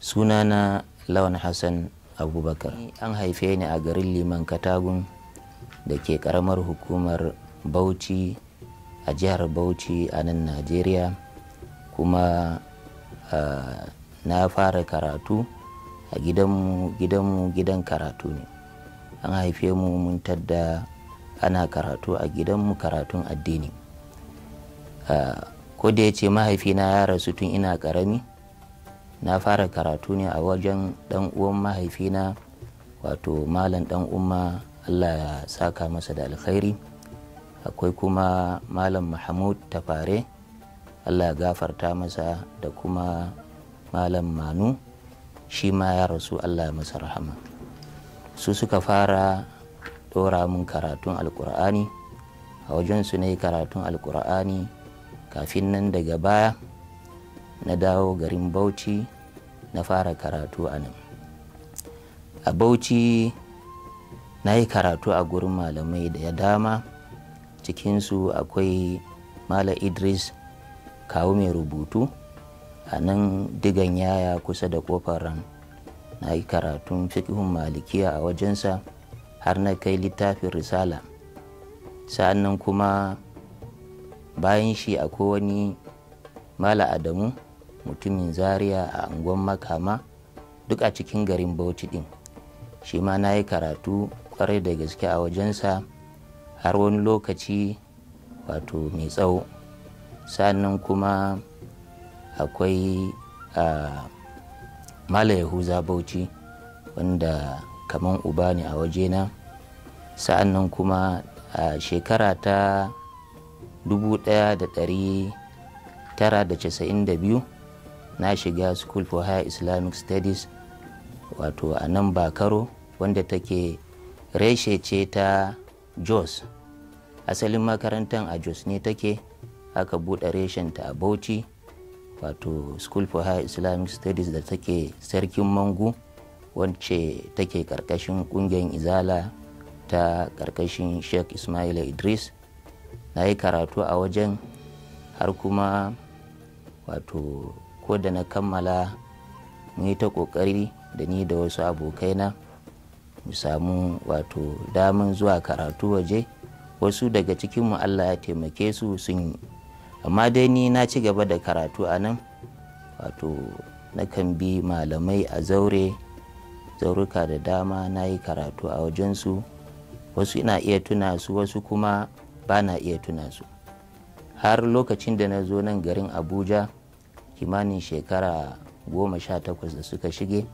sunana lawan hassan abubakar an haife ni a garin liman katagun da ke karamar hukumar bauchi a jihar bauchi a nan najeriya kuma na fara karatu a gidanmu gidanmu gidan karatu ne an haife mu mun tadda ana karatu a gidanmu karatun addini uh, ko da ya ce mahaifina ya rasu tun ina karami na fara karatu ne a wajen dan uwan mahaifina wato malam dan umma allah ya saka masa da alkhairi akwai kuma malam mahmud tafare allah ya gafarta masa da kuma malam manu shi ma ya rasu allah ya masa rahama su suka fara dora mun karatun alkur'ani a wajen su ne karatun alkur'ani kafin nan daga baya na dawo garin bauchi na fara karatu a nan a bauchi na yi karatu a gurin malamai da ya dama cikinsu akwai mala idris kawo mai rubutu a nan digan yaya kusa da kofar ran na yi karatun fikihun malikiya a wajensa har na kai littafin risala sa'annan kuma bayan shi akwai wani mala adamu mutumin zaria a unguwar makama duk a cikin garin bauchi din shi ma na yi karatu kwarai da gaske a wajensa har wani lokaci wato mai tsawo sannan kuma akwai a mala yahuza bauchi wanda kaman uba ne a wajena sa'annan kuma a shekara ta 1992 na shiga school for higher islamic studies wato a nan bakaro wanda take reshe ce ta jos asalin makarantar a jos ne take aka buɗe reshen ta a bauchi wato school for higher islamic studies da take sarkin mangu wacce take karkashin kungiyar izala ta karkashin sheikh ismail idris na yi karatu a wajen har kuma wato ko da na kammala mu yi ta ƙoƙari da ni da wasu abokaina mu samu wato damin zuwa karatu waje wasu daga cikinmu allah ya taimake su sun yi amma dai ni na ci gaba da karatu a nan wato nakan bi malamai a zaure zauruka da dama na yi karatu a wajensu wasu ina iya tuna su wasu kuma ba na iya tuna su har lokacin da na zo nan garin abuja kimanin shekara goma sha takwas da suka shige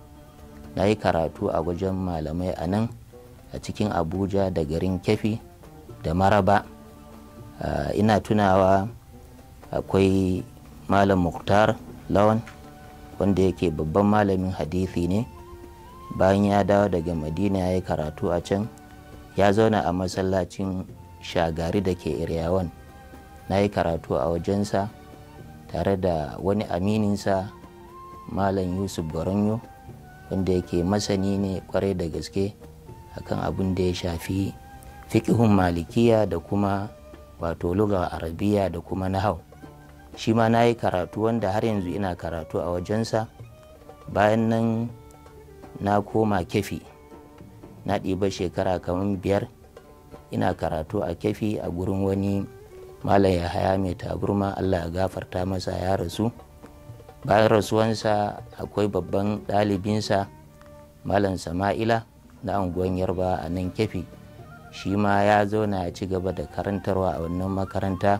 na yi karatu a wajen malamai a nan a cikin abuja da garin kefi da maraba ina tunawa akwai malam muktar lawan wanda yake babban malamin hadithi ne bayan ya dawo daga madina ya yi karatu a can ya zauna a masallacin shagari da ke iryawan na yi karatu a wajensa tare da wani amininsa malam yusuf goronyo wanda yake masani ne kwarai da gaske akan abin da ya shafi fikihun malikiya da kuma wato lugar arabiya da kuma nahau shi ma na yi karatu wanda har yanzu ina karatu a wajensa bayan nan na koma kefi na ɗiba shekara kamar biyar ina karatu a kefi a gurin wani malam yahaya mai taburma allah ya gafarta masa ya rasu bayan rasuwansa akwai babban ɗalibinsa malam sama'ila na unguwan yarba a nan kefi shi ma ya zauna ya ci gaba da karantarwa a wannan makaranta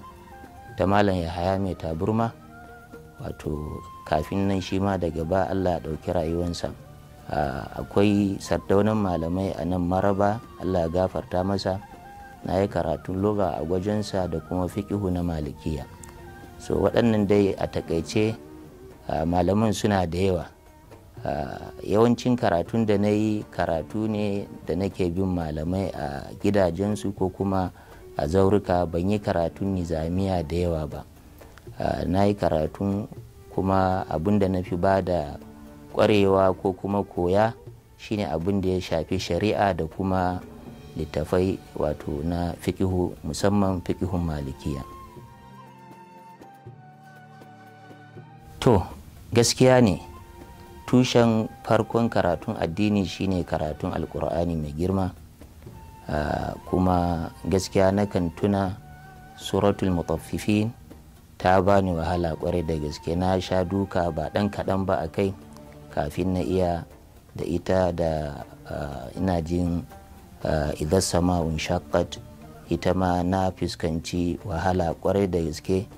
ta malam yahaya mai taburma wato kafin nan shi ma daga ba allah ɗauki rayuwansa ah, akwai sardaunan malamai a nan maraba allah gafarta masa na yi karatun loga a gwajensa da kuma fikihu na malikiya so waɗannan dai a takaice malamin suna da yawa yawancin karatun da na yi karatu ne da nake bin malamai a gidajensu ko kuma a zaurika ban yi karatun nizamiya da yawa ba na yi karatun kuma abin da na fi ba da ƙwarewa ko kuma koya shine abin da ya shafi shari'a da kuma littafai wato na fikihu musamman fikihun malikiya to gaskiya ne tushen farkon karatun addini shine karatun alkur'ani mai girma ah, kuma gaskiya nakan tuna suratul mutaffifin ta bani wahala kwarai da gaske na sha duka ba dan kaɗan ba a kai kafin na iya da ita da ah, ina jin Eh, idan wun shakkat ita ma na fuskanci wahala kwarai da gaske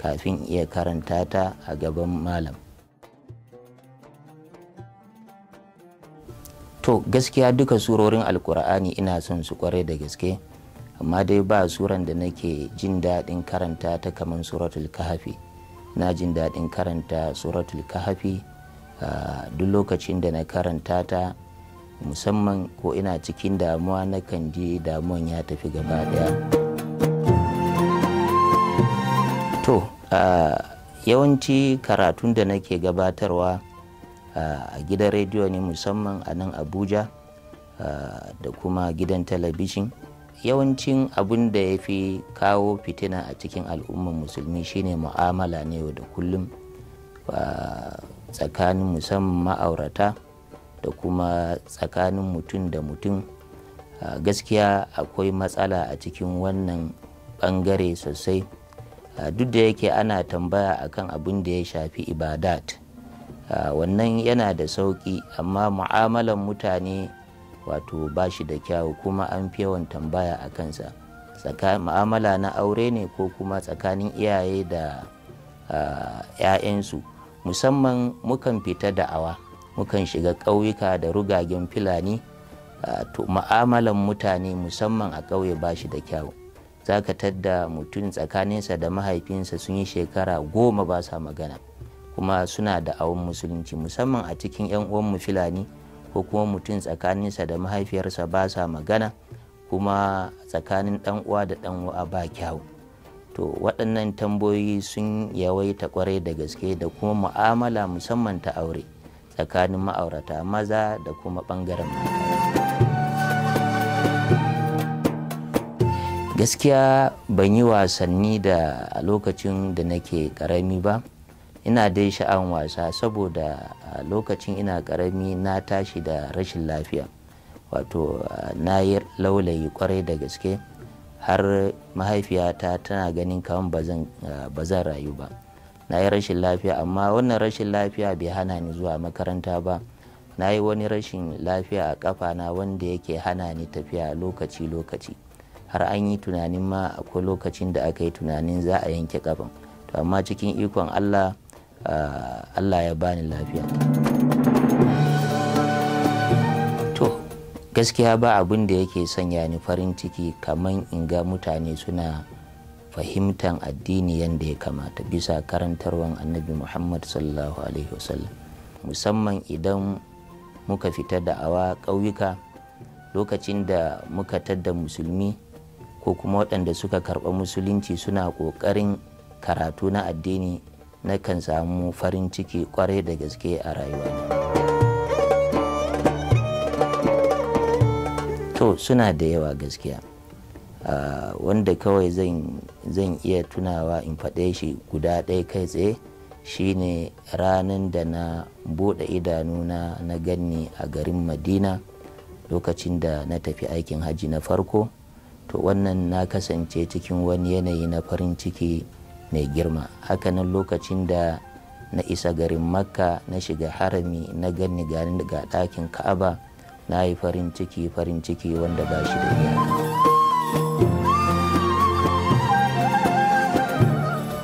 kafin iya karanta ta a gaban malam to gaskiya duka surorin alkur'ani ina son su kwarai da gaske amma dai ba suran da nake jin daɗin karanta ta kamar suratul kahafi na jin daɗin karanta suratul kahafi eh, duk lokacin da na karanta ta musamman ko ina cikin damuwa na kan je damuwan ya tafi gaba daya to yawanci karatun da nake gabatarwa a gidan rediyo ne musamman a nan abuja da kuma gidan talabijin yawancin abin da ya fi kawo fitina a cikin al'ummar musulmi shine mu'amala ne yau da kullum tsakanin musamman ma'aurata da kuma tsakanin mutum da mutum gaskiya akwai matsala a cikin wannan bangare sosai duk da yake ana tambaya akan abin da ya shafi ibadat wannan yana da sauki amma mu'amalan mutane wato ba shi da kyawu kuma an fi yawan tambaya a kansa mu'amala na aure ne ko kuma tsakanin iyaye da 'ya'yansu musamman mukan fita da'awa mukan shiga ƙauyuka da rugagen filani to ma'amalan mutane musamman a ƙauye ba shi da kyau za ka tadda mutum tsakaninsa da mahaifinsa sun yi shekara goma ba sa magana kuma suna da awon musulunci musamman a cikin 'yan uwanmu filani ko kuma mutum tsakaninsa da mahaifiyarsa ba sa magana kuma tsakanin ɗan uwa da ɗan uwa ba kyau to waɗannan tambayoyi sun yawaita kwarai da gaske da kuma mu'amala musamman ta aure tsakanin ma'aurata maza da kuma ɓangaren gaskiya ban yi wasanni da a lokacin da nake ƙarami ba ina dai sha'an wasa saboda a lokacin ina ƙarami na tashi da rashin lafiya wato na yi laulayi kwarai da gaske har mahaifiyata tana ganin kawan ba zan rayu ba na yi rashin lafiya amma wannan rashin lafiya bai hana ni zuwa makaranta ba na yi wani rashin lafiya a na wanda yake hana ni tafiya lokaci-lokaci har an yi tunanin ma akwai lokacin da aka yi tunanin za a yanke kafan to amma cikin ikon allah allah ya bani lafiya to gaskiya ba abin da yake sanya ni farin ciki kamar in ga mutane suna fahimtar addini yadda ya kamata bisa karantarwan annabi muhammad sallallahu alaihi wasallam musamman idan muka fita da'awa ƙauyuka lokacin da muka tadda musulmi ko kuma waɗanda suka karɓa musulunci suna ƙoƙarin karatu na addini na kan samu farin ciki kwarai da gaske a rayuwa to suna da yawa gaskiya Ah, wanda kawai zan iya tunawa in faɗe shi guda ɗaya kai tsaye shine ranar da na buɗe idanuna na ganni a garin madina lokacin da na tafi aikin hajji na farko to wannan na kasance cikin wani yanayi na farin ciki mai girma hakanan lokacin da na isa garin makka na shiga harami na ganni ga ɗakin ka'aba na yi farin ciki farin ciki wanda ba shi da iyaka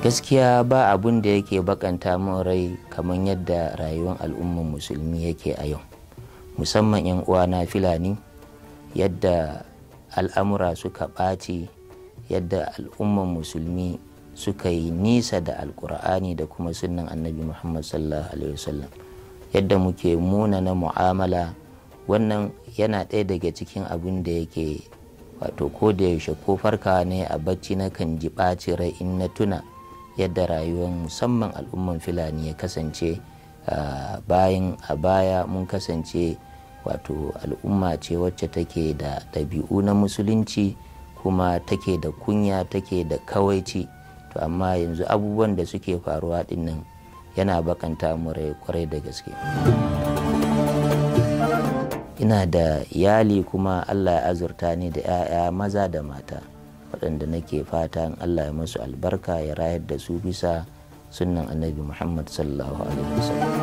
gaskiya ba abun da yake bakanta min rai kamar yadda rayuwar al'ummar musulmi yake a yau musamman 'yan uwana filani yadda al'amura suka ɓaci yadda al'ummar musulmi suka yi nisa da alkur'ani da kuma sunan annabi muhammad sallallahu alaihi wasallam yadda muke munana mu'amala wannan yana ɗaya daga cikin abun da yake wato ko da yaushe ko farka ne a bacci na kan ji baci rai in na tuna yadda rayuwar musamman al'umman fulani ya kasance bayan a baya mun kasance wato al'umma ce wacce take da ɗabi'u na musulunci kuma take da kunya take da kawaici to amma yanzu abubuwan da suke faruwa dinnan yana bakanta murai kwarai da gaske ina da iyali kuma allah ya azurta ni da 'ya'ya maza da mata waɗanda nake fata in allah ya musu albarka ya rayar da su bisa sunnan annabi muhammad sallallahu alaihi wasallam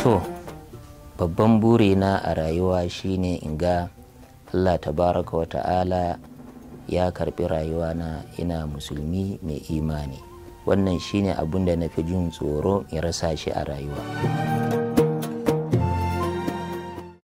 to babban burina a rayuwa shine in ga allah tabaraka wa ta'ala ya karbi rayuwana ina musulmi mai imani wannan shine abun na fi jin tsoro in rasa shi a rayuwa